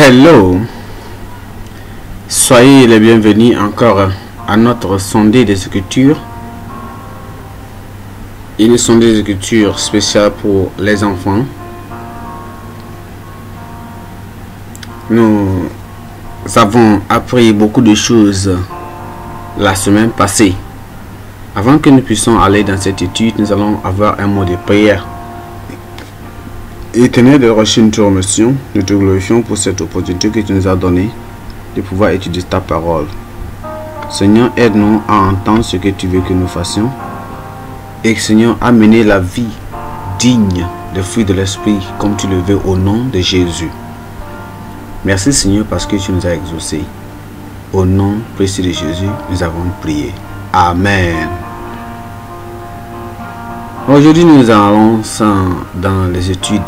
Hello, soyez les bienvenus encore à notre sondée des écritures. Une sondée des écritures spéciale pour les enfants. Nous avons appris beaucoup de choses la semaine passée. Avant que nous puissions aller dans cette étude, nous allons avoir un mot de prière. Éternel de Rachid, nous te nous te glorifions pour cette opportunité que tu nous as donnée de pouvoir étudier ta parole. Seigneur, aide-nous à entendre ce que tu veux que nous fassions. Et Seigneur, amène la vie digne des fruits de l'Esprit comme tu le veux au nom de Jésus. Merci Seigneur parce que tu nous as exaucés. Au nom précieux de Jésus, nous avons prié. Amen. Aujourd'hui, nous allons dans les études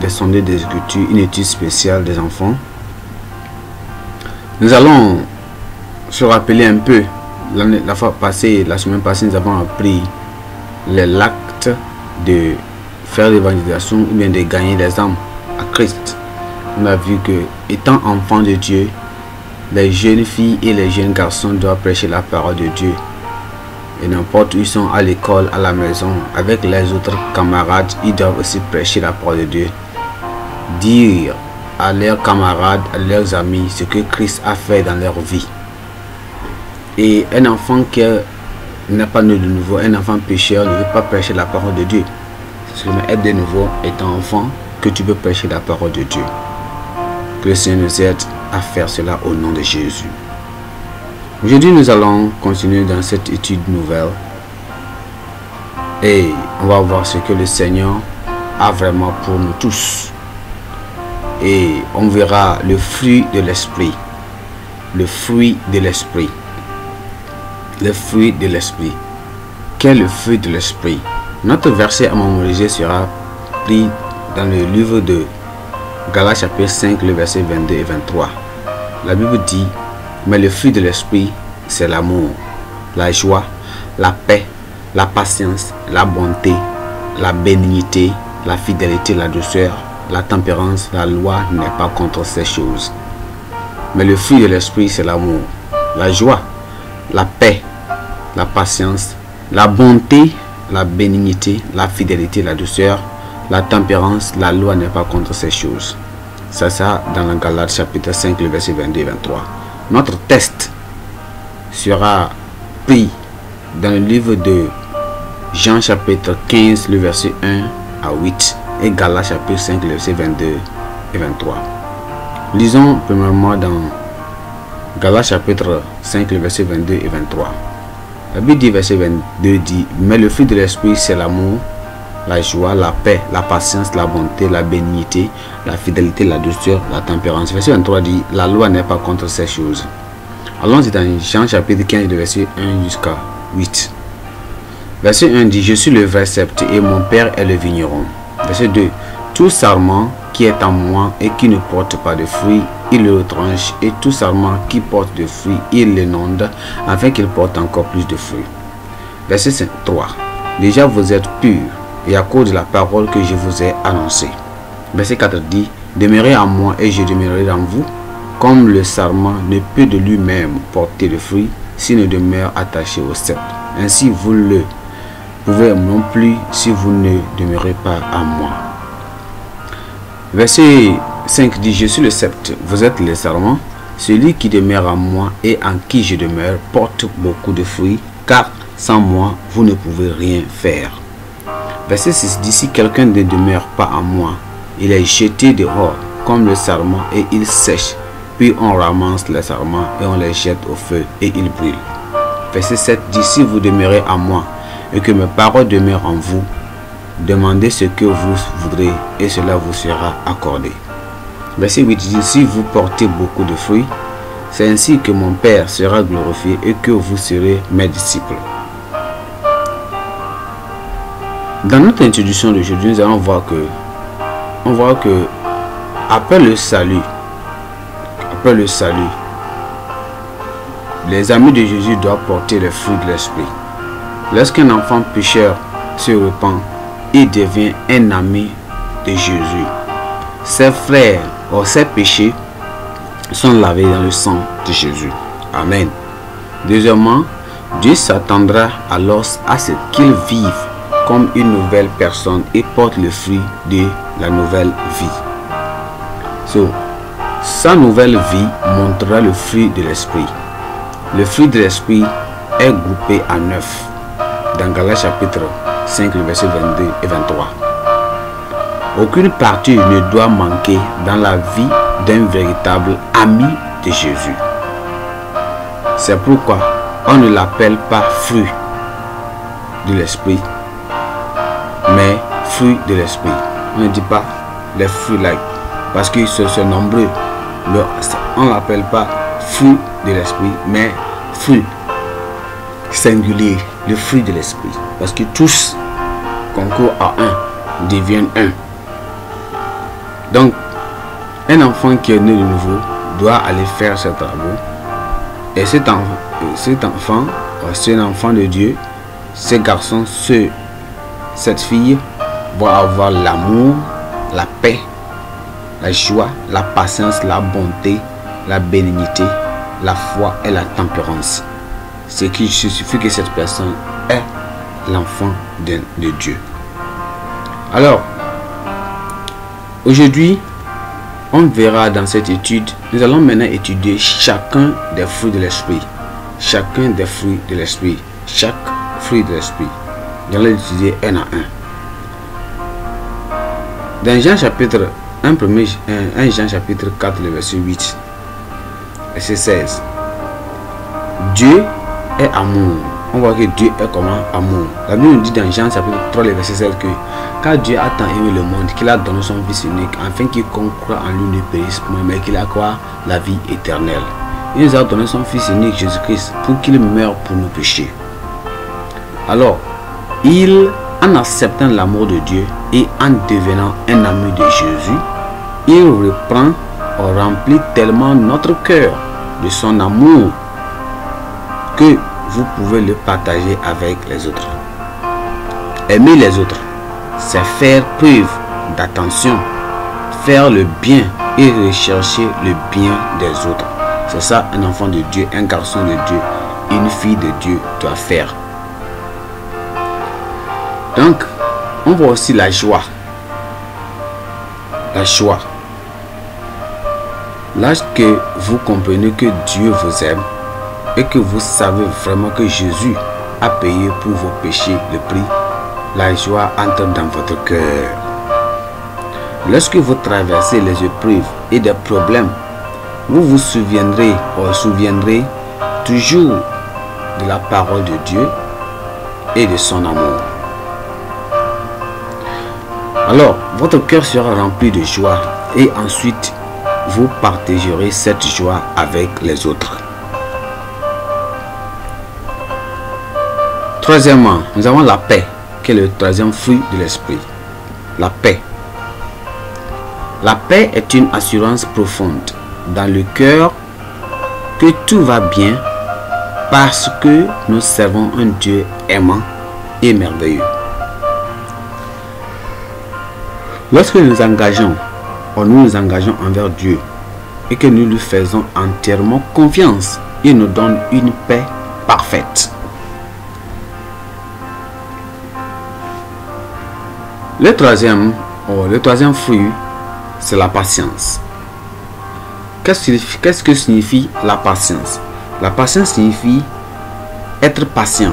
des sondes des une étude spéciale des enfants. Nous allons se rappeler un peu. La, fois passée, la semaine passée, nous avons appris l'acte de faire l'évangélisation ou bien de gagner les âmes à Christ. On a vu que, étant enfant de Dieu, les jeunes filles et les jeunes garçons doivent prêcher la parole de Dieu et n'importe où ils sont à l'école, à la maison, avec les autres camarades, ils doivent aussi prêcher la parole de Dieu. Dire à leurs camarades, à leurs amis, ce que Christ a fait dans leur vie. Et un enfant qui n'a pas né de nouveau, un enfant pécheur ne veut pas prêcher la parole de Dieu. C'est seulement être de nouveau, étant enfant, que tu peux prêcher la parole de Dieu. Que le Seigneur nous aide à faire cela au nom de Jésus. Aujourd'hui, nous allons continuer dans cette étude nouvelle et on va voir ce que le Seigneur a vraiment pour nous tous. Et on verra le fruit de l'esprit. Le fruit de l'esprit. Le fruit de l'esprit. Quel est le fruit de l'esprit Notre verset à mémoriser sera pris dans le livre de Galates chapitre 5, le verset 22 et 23. La Bible dit mais le fruit de l'esprit, c'est l'amour, la joie, la paix, la patience, la bonté, la bénignité, la fidélité, la douceur, la tempérance, la loi n'est pas contre ces choses. Mais le fruit de l'esprit, c'est l'amour, la joie, la paix, la patience, la bonté, la bénignité, la fidélité, la douceur, la tempérance, la loi n'est pas contre ces choses. C'est ça dans la chapitre 5, le verset 22 et 23. Notre test sera pris dans le livre de Jean chapitre 15, le verset 1 à 8 et Galates chapitre 5, le verset 22 et 23. Lisons premièrement dans Galates chapitre 5, le verset 22 et 23. La Bible dit, verset 22 dit, mais le fruit de l'esprit, c'est l'amour, la joie, la paix, la patience, la bonté, la bénignité, la fidélité, la douceur, la tempérance. Verset 23 dit, la loi n'est pas contre ces choses. Allons-y dans Jean chapitre 15, verset 1 jusqu'à 8. Verset 1 dit, je suis le vrai sept et mon Père est le vigneron. Verset 2, tout sarment qui est en moi et qui ne porte pas de fruits, il le tranche, et tout sarment qui porte de fruits, il l'inonde, afin qu'il porte encore plus de fruits. Verset 3. Déjà vous êtes purs, et à cause de la parole que je vous ai annoncée. Verset 4 dit, Demeurez en moi et je demeurerai dans vous, comme le sarment ne peut de lui-même porter de fruit, s'il ne demeure attaché au sceptre. Ainsi vous le pouvez non plus si vous ne demeurez pas en moi. Verset 5 dit, Je suis le sept, vous êtes le sarment. Celui qui demeure en moi et en qui je demeure porte beaucoup de fruits, car sans moi, vous ne pouvez rien faire. Verset 6 d'ici quelqu'un ne demeure pas à moi, il est jeté dehors comme le sarment et il sèche. Puis on ramasse les sarments et on les jette au feu et il brûle. Verset 7 d'ici vous demeurez à moi et que mes paroles demeurent en vous, demandez ce que vous voudrez et cela vous sera accordé. Verset 8 d'ici vous portez beaucoup de fruits, c'est ainsi que mon Père sera glorifié et que vous serez mes disciples. Dans notre introduction d'aujourd'hui, nous allons voir que on voit que après le salut, après le salut, les amis de Jésus doivent porter le fruits de l'esprit. Lorsqu'un enfant pécheur se repent, il devient un ami de Jésus. Ses frères ou ses péchés sont lavés dans le sang de Jésus. Amen. Deuxièmement, Dieu s'attendra alors à ce qu'ils vivent une nouvelle personne et porte le fruit de la nouvelle vie. So, sa nouvelle vie montrera le fruit de l'esprit. Le fruit de l'esprit est groupé à neuf dans Galates chapitre 5, verset 22 et 23. Aucune partie ne doit manquer dans la vie d'un véritable ami de Jésus. C'est pourquoi on ne l'appelle pas fruit de l'esprit, mais fruit de l'esprit. On ne dit pas les fruits like, parce qu'ils sont, sont nombreux. Le, on l'appelle pas fruit de l'esprit, mais fruit singulier, le fruit de l'esprit. Parce que tous concourent à un, deviennent un. Donc, un enfant qui est né de nouveau doit aller faire ses travaux. Et cet enfant, cet enfant, c'est un enfant de Dieu, ce garçon, ce cette fille va avoir l'amour, la paix, la joie, la patience, la bonté, la bénignité, la foi et la tempérance. Ce qui suffit que cette personne est l'enfant de, de Dieu. Alors, aujourd'hui, on verra dans cette étude, nous allons maintenant étudier chacun des fruits de l'esprit. Chacun des fruits de l'esprit. Chaque fruit de l'esprit. Nous les étudier un à un. Dans Jean chapitre 1, 1, Jean chapitre 4, le verset 8, verset 16. Dieu est amour. On voit que Dieu est comment amour. La Bible nous dit dans Jean chapitre 3, le verset 16 que car Dieu a tant aimé le monde qu'il a donné son Fils unique afin qu'il croit en lui ne périsse point mais qu'il a la vie éternelle. Il nous a donné son Fils unique Jésus-Christ pour qu'il meure pour nos péchés. Alors, il, en acceptant l'amour de Dieu et en devenant un ami de Jésus, il reprend ou remplit tellement notre cœur de son amour que vous pouvez le partager avec les autres. Aimer les autres, c'est faire preuve d'attention, faire le bien et rechercher le bien des autres. C'est ça un enfant de Dieu, un garçon de Dieu, une fille de Dieu doit faire. Donc, on voit aussi la joie. La joie. Lorsque vous comprenez que Dieu vous aime et que vous savez vraiment que Jésus a payé pour vos péchés le prix, la joie entre dans votre cœur. Lorsque vous traversez les épreuves et des problèmes, vous vous souviendrez vous souviendrez toujours de la parole de Dieu et de son amour. Alors, votre cœur sera rempli de joie et ensuite, vous partagerez cette joie avec les autres. Troisièmement, nous avons la paix, qui est le troisième fruit de l'esprit. La paix. La paix est une assurance profonde dans le cœur que tout va bien parce que nous servons un Dieu aimant et merveilleux. Lorsque nous engageons, oh, nous engageons envers Dieu et que nous lui faisons entièrement confiance, il nous donne une paix parfaite. Le troisième, oh, le troisième fruit, c'est la patience. Qu'est-ce que signifie la patience La patience signifie être patient,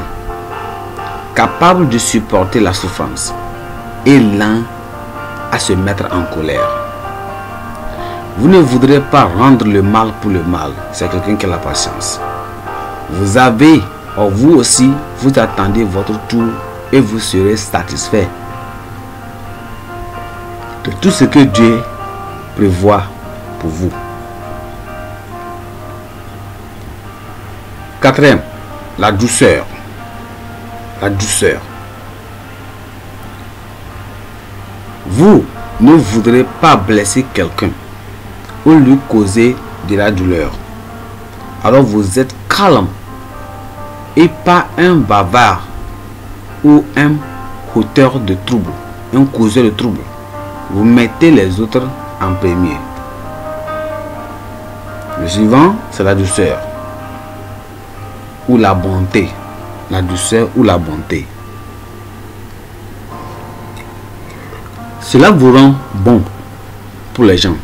capable de supporter la souffrance et l'un se mettre en colère. Vous ne voudrez pas rendre le mal pour le mal. C'est quelqu'un qui a la patience. Vous avez, en oh, vous aussi, vous attendez votre tour et vous serez satisfait de tout ce que Dieu prévoit pour vous. Quatrième, la douceur. La douceur. Vous ne voudrez pas blesser quelqu'un ou lui causer de la douleur. Alors vous êtes calme et pas un bavard ou un auteur de trouble, un causeur de trouble. Vous mettez les autres en premier. Le suivant, c'est la douceur ou la bonté. La douceur ou la bonté. Cela vous rend bon pour les gens.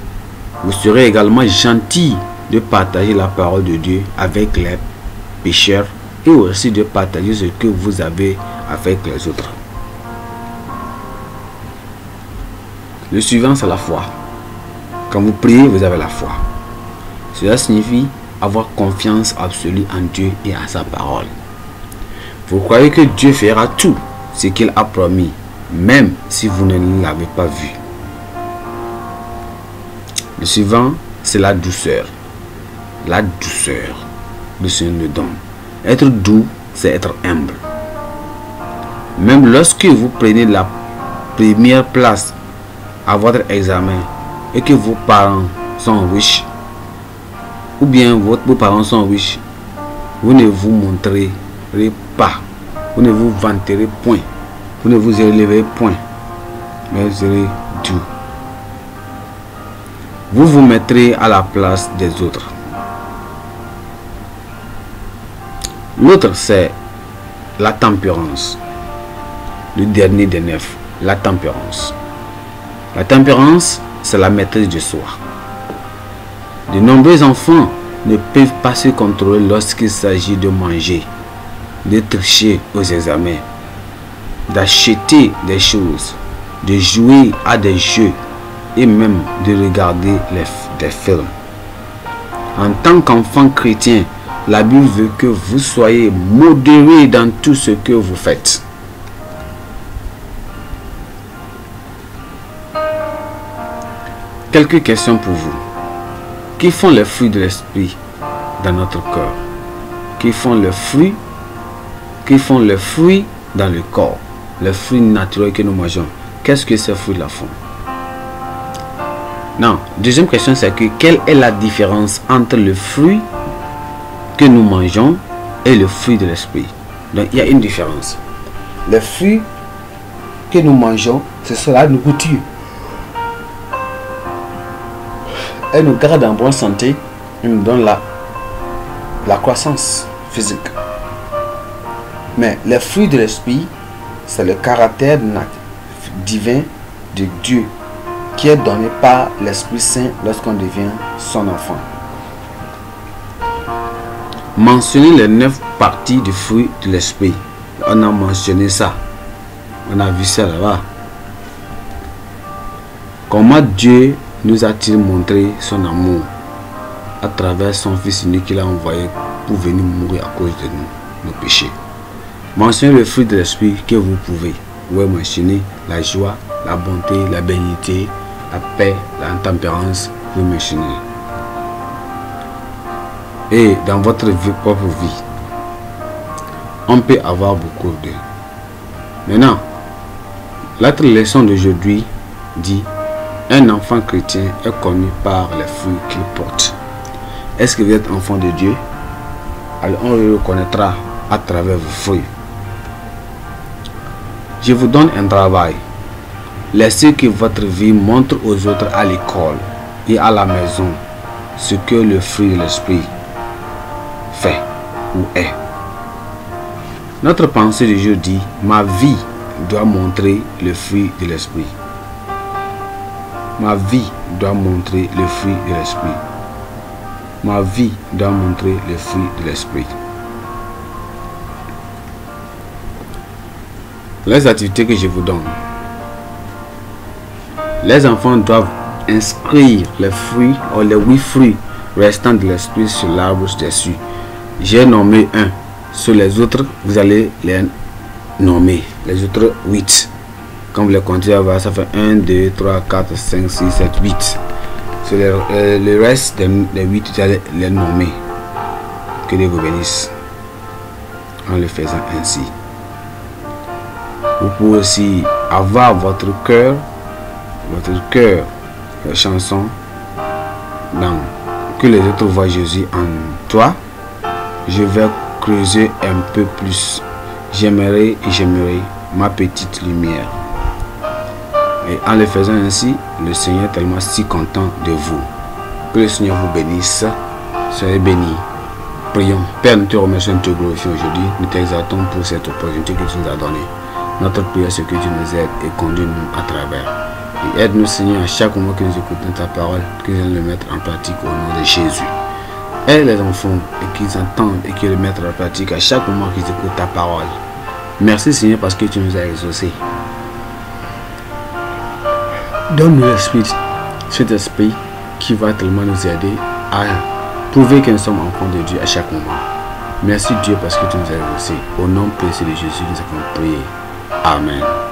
Vous serez également gentil de partager la parole de Dieu avec les pécheurs et aussi de partager ce que vous avez avec les autres. Le suivant, c'est la foi. Quand vous priez, vous avez la foi. Cela signifie avoir confiance absolue en Dieu et à sa parole. Vous croyez que Dieu fera tout ce qu'il a promis même si vous ne l'avez pas vu. Le suivant, c'est la douceur. La douceur seigneur nous donne Être doux, c'est être humble. Même lorsque vous prenez la première place à votre examen et que vos parents sont riches, ou bien votre, vos parents sont riches, vous ne vous montrerez pas, vous ne vous vanterez point vous ne vous élevez point, mais vous serez doux. Vous vous mettrez à la place des autres. L'autre, c'est la tempérance. Le dernier des neuf, la tempérance. La tempérance, c'est la maîtrise de soi. De nombreux enfants ne peuvent pas se contrôler lorsqu'il s'agit de manger, de tricher aux examens d'acheter des choses, de jouer à des jeux et même de regarder des films. En tant qu'enfant chrétien, la Bible veut que vous soyez modéré dans tout ce que vous faites. Quelques questions pour vous. Qui font les fruits de l'esprit dans notre corps Qui font le fruit Qui font les fruits dans le corps les fruits naturels que nous mangeons, qu'est-ce que ces fruits-là font Non, deuxième question, c'est que quelle est la différence entre le fruit que nous mangeons et le fruit de l'esprit Donc, il y a une différence. Les fruits que nous mangeons, ce sera nous nourriture. et nous garde en bonne santé, nous donne la, la croissance physique. Mais les fruits de l'esprit, c'est le caractère divin de Dieu qui est donné par l'Esprit Saint lorsqu'on devient son enfant. Mentionnez les neuf parties du fruit de l'Esprit. On a mentionné ça. On a vu ça là-bas. Comment Dieu nous a-t-il montré son amour à travers son Fils unique qu'il a envoyé pour venir mourir à cause de nous, nos péchés Mentionnez le fruit de l'esprit que vous pouvez. Vous pouvez mentionner la joie, la bonté, la bénité, la paix, la tempérance. Vous mentionnez. Et dans votre vie, propre vie, on peut avoir beaucoup de. Maintenant, l'autre leçon d'aujourd'hui dit un enfant chrétien est connu par les fruits qu'il porte. Est-ce que vous êtes enfant de Dieu Alors on le reconnaîtra à travers vos fruits. Je vous donne un travail. Laissez que votre vie montre aux autres à l'école et à la maison ce que le fruit de l'esprit fait ou est. Notre pensée du jour dit, ma vie doit montrer le fruit de l'esprit. Ma vie doit montrer le fruit de l'esprit. Ma vie doit montrer le fruit de l'esprit. Les activités que je vous donne. Les enfants doivent inscrire les fruits ou oh, les huit fruits restants de l'esprit sur l'arbre dessus. J'ai nommé un. Sur les autres, vous allez les nommer. Les autres huit. Quand vous les comptez, ça fait 1, 2, 3, 4, 5, 6, 7, 8. Sur les, euh, le reste des, huit, vous allez les nommer. Que Dieu vous bénisse en le faisant ainsi. Vous pouvez aussi avoir votre cœur, votre cœur, la chanson, non que les autres voient Jésus en toi. Je vais creuser un peu plus. J'aimerais et j'aimerais ma petite lumière. Et en le faisant ainsi, le Seigneur est tellement si content de vous. Que le Seigneur vous bénisse. Soyez bénis. Prions. Père, nous te remercions, de te glorifions aujourd'hui. Nous t'exaltons pour cette opportunité que tu nous as donnée. Notre prière, c'est que Dieu nous aide et conduit nous à travers. Et aide-nous, Seigneur, à chaque moment que nous écoutons ta parole, que nous le mettre en pratique au nom de Jésus. Aide les enfants et qu'ils entendent et qu'ils le mettent en pratique à chaque moment qu'ils écoutent ta parole. Merci, Seigneur, parce que tu nous as exaucés. Donne-nous l'esprit, cet esprit qui va tellement nous aider à prouver que nous sommes enfants de Dieu à chaque moment. Merci Dieu parce que tu nous as exaucés. Au nom précieux de Jésus, nous avons prié. Amen.